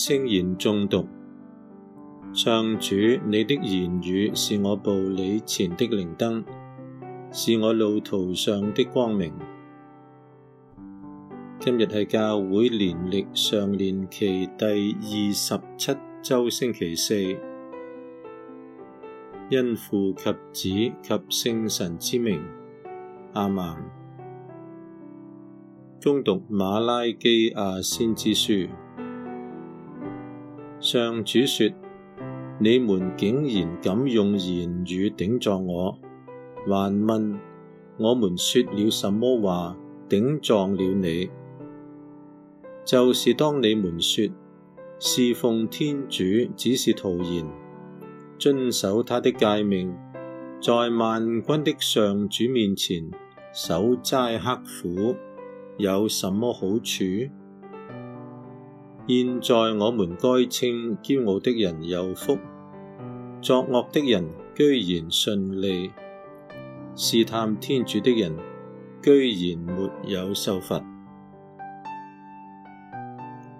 聖言誦讀，上主你的言語是我步履前的靈燈，是我路途上的光明。今日係教會年曆常年期第二十七周星期四，因父及子及聖神之名，阿們。恭讀瑪拉基亞先知書。上主說：你們竟然敢用言語頂撞我，還問我們說了什麼話頂撞了你？就是當你們說侍奉天主只是徒然，遵守他的誡命，在萬軍的上主面前守齋刻苦，有什麼好處？現在我們該稱驕傲的人有福，作惡的人居然順利，試探天主的人居然沒有受罰。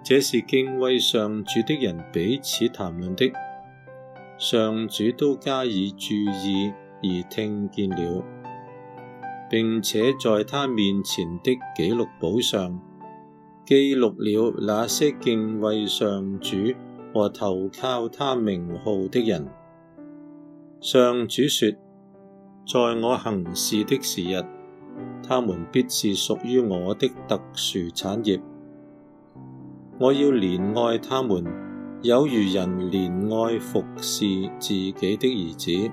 這是敬畏上主的人彼此談論的，上主都加以注意而聽見了，並且在他面前的記錄簿上。記錄了那些敬畏上主和投靠他名號的人。上主說：在我行事的時日，他們必是屬於我的特殊產業。我要憐愛他們，有如人憐愛服侍自己的兒子。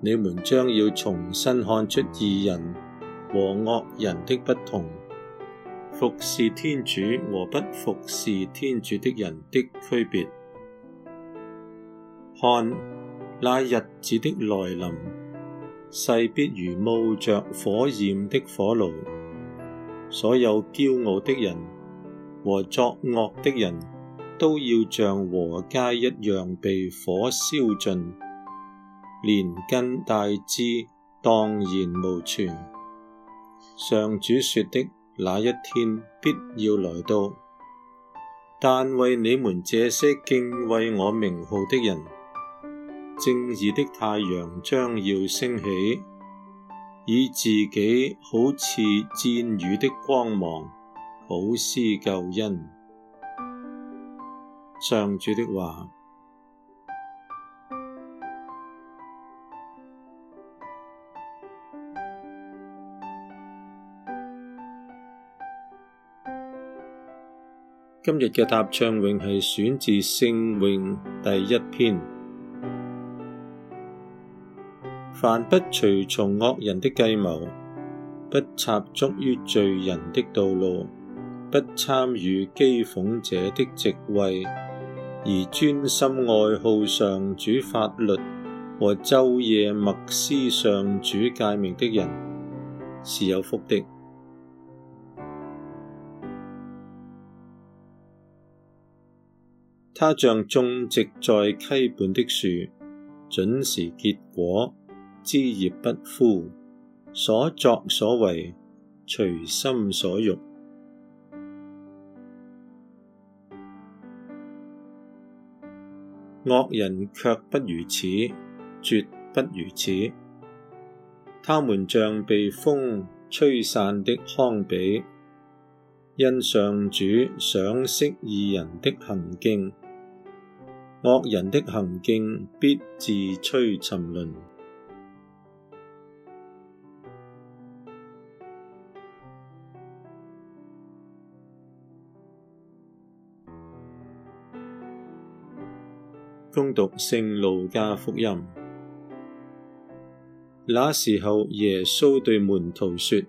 你們將要重新看出義人和惡人的不同。服侍天主和不服侍天主的人的區別。看，那日子的來臨，勢必如冒着火焰的火爐。所有驕傲的人和作惡的人都要像禾稭一樣被火燒盡，連根帶枝，蕩然無存。上主說的那一天必要來到，但為你們這些敬畏我名號的人，正義的太陽將要升起，以自己好似箭羽的光芒，普施救恩。上主的話。今日嘅答唱詠係選自聖詠第一篇，凡不隨從惡人的計謀，不插足於罪人的道路，不參與譏諷者的席位，而專心愛好上主法律和晝夜默思上主誡命的人，是有福的。他像種植在溪畔的樹，準時結果，枝葉不枯，所作所為隨心所欲。惡人卻不如此，絕不如此。他們像被風吹散的糠秕，因上主賞識義人的行徑。惡人的行徑必自趨沉淪。恭讀《聖路加福音》，那時候耶穌對門徒說：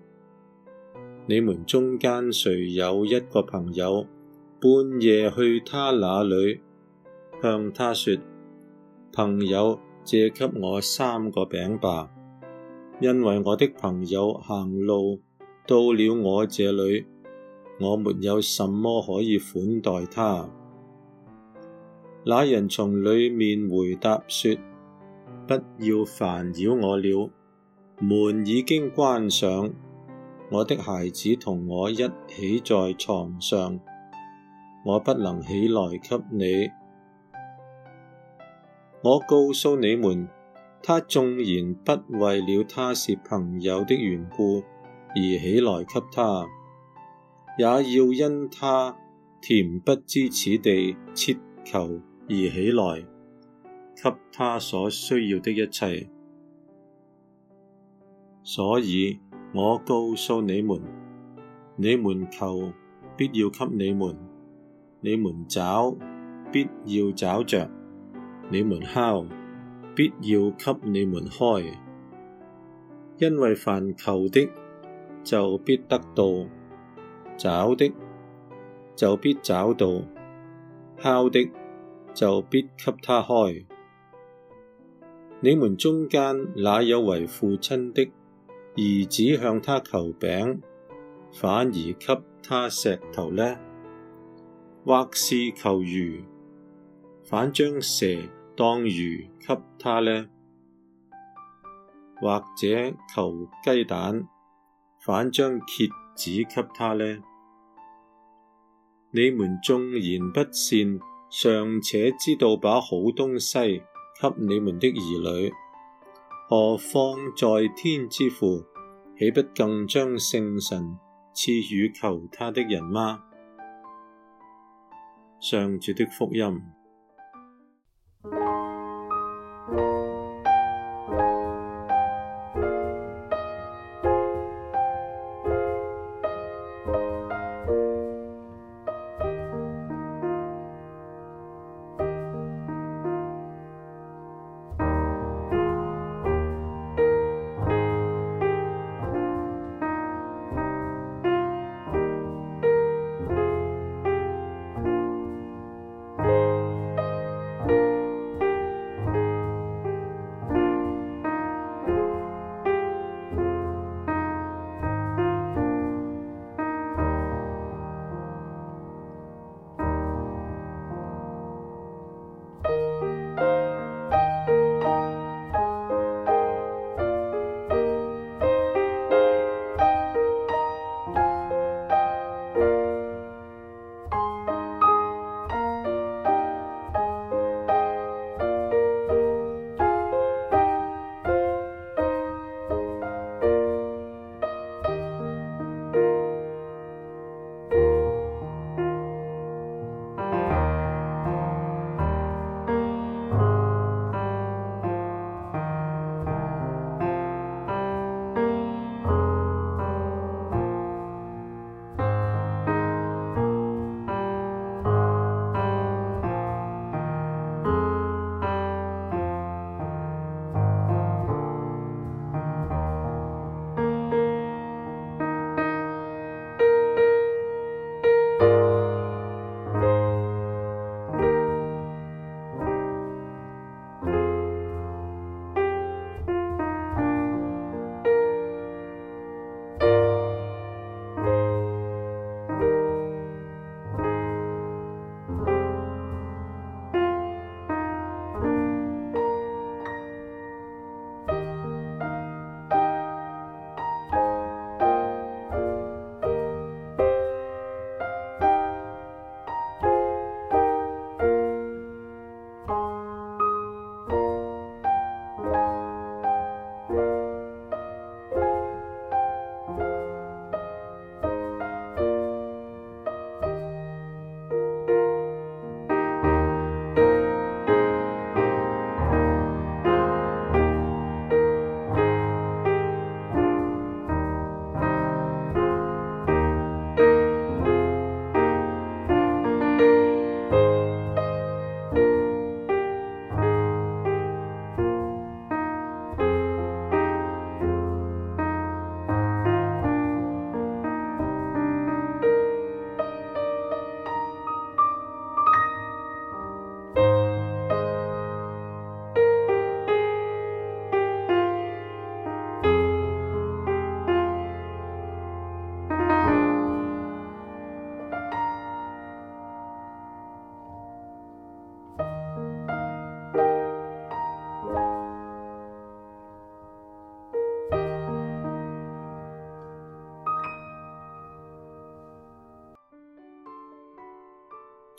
你們中間誰有一個朋友，半夜去他那裏，向他說：朋友，借給我三個餅吧，因為我的朋友行路到了我這裏，我沒有什麼可以款待他。那人從裏面回答說：不要煩擾我了，門已經關上，我的孩子同我一起在床上，我不能起來給你。我告訴你們，他縱然不為了他是朋友的緣故而起來給他，也要因他恬不知恥地切求而起來給他所需要的一切。所以我告訴你們，你們求必要給你們，你們找必要找着。你們敲，必要給你們開，因為凡求的就必得到，找的就必找到，敲的就必給他開。你們中間哪有為父親的，兒子向他求餅，反而給他石頭呢？或是求魚？反將蛇當魚給他呢？或者求雞蛋，反將蠍子給他呢？你們縱然不善，尚且知道把好東西給你們的兒女，何況在天之父，豈不更將聖神賜予求他的人嗎？上主的福音。